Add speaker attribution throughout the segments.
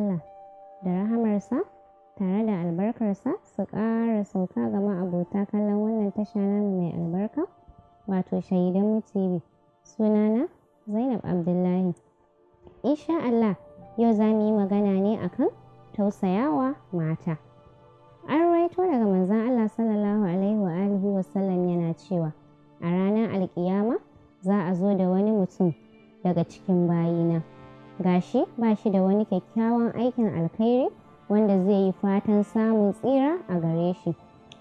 Speaker 1: Allah da rahamarsa tare da albarkarsa su ƙara sauka gama abota kallon wannan tasha namu mai albarka wato shahidan mutibi sunana zainab abdullahi insha Allah yau za mu yi magana ne akan tausayawa mata an raito daga manzan Allah sallallahu alaihi wa alihi wasallam yana cewa a ranar alƙiyama za a zo da wani mutum daga cikin bayina. gashi ba shi da wani kyakkyawan aikin alkhairi wanda zai yi fatan samun tsira a gare shi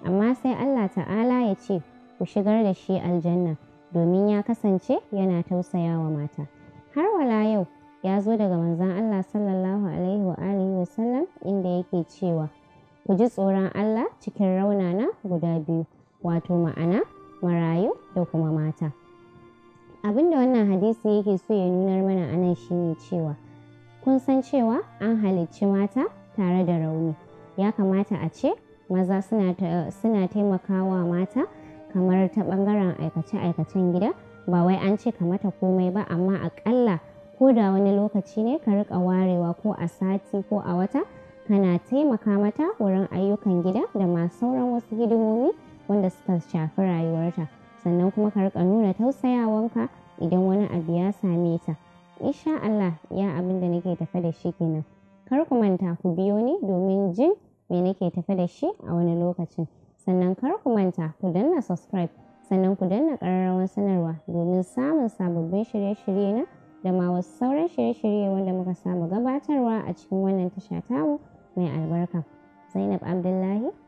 Speaker 1: amma sai Allah ta'ala ya ce ku shigar da shi aljanna domin ya kasance yana tausaya wa mata har wala yau ya zo daga manzan Allah sallallahu alaihi wa alihi sallam inda yake cewa ku ji tsoron Allah cikin raunana guda biyu wato ma'ana marayu da kuma mata abin da wannan hadisi yake so ya nunar mana a nan shine cewa kun san cewa an halicci mata tare da rauni ya kamata a ce maza suna taimakawa mata kamar ta bangaren aikace-aikacen gida ba wai an ce ka mata komai ba amma akalla ko da wani lokaci ne ka rika warewa ko a sati ko a wata kana taimaka mata wurin ayyukan gida da ma sauran wasu hidimomi wanda suka shafi rayuwarta sannan kuma ka rika nuna tausayawanka idan wani abu ya same ta insha Allah ya abin da nake tafe da shi kenan kar ku manta ku biyo ni domin jin me nake tafe da shi a wani lokacin sannan kar ku manta ku danna subscribe sannan ku danna ƙararrawar sanarwa domin samun sababbin shirye-shirye na da ma wasu sauran shirye-shirye wanda muka samu gabatarwa a cikin wannan tasha tamu mai albarka zainab abdullahi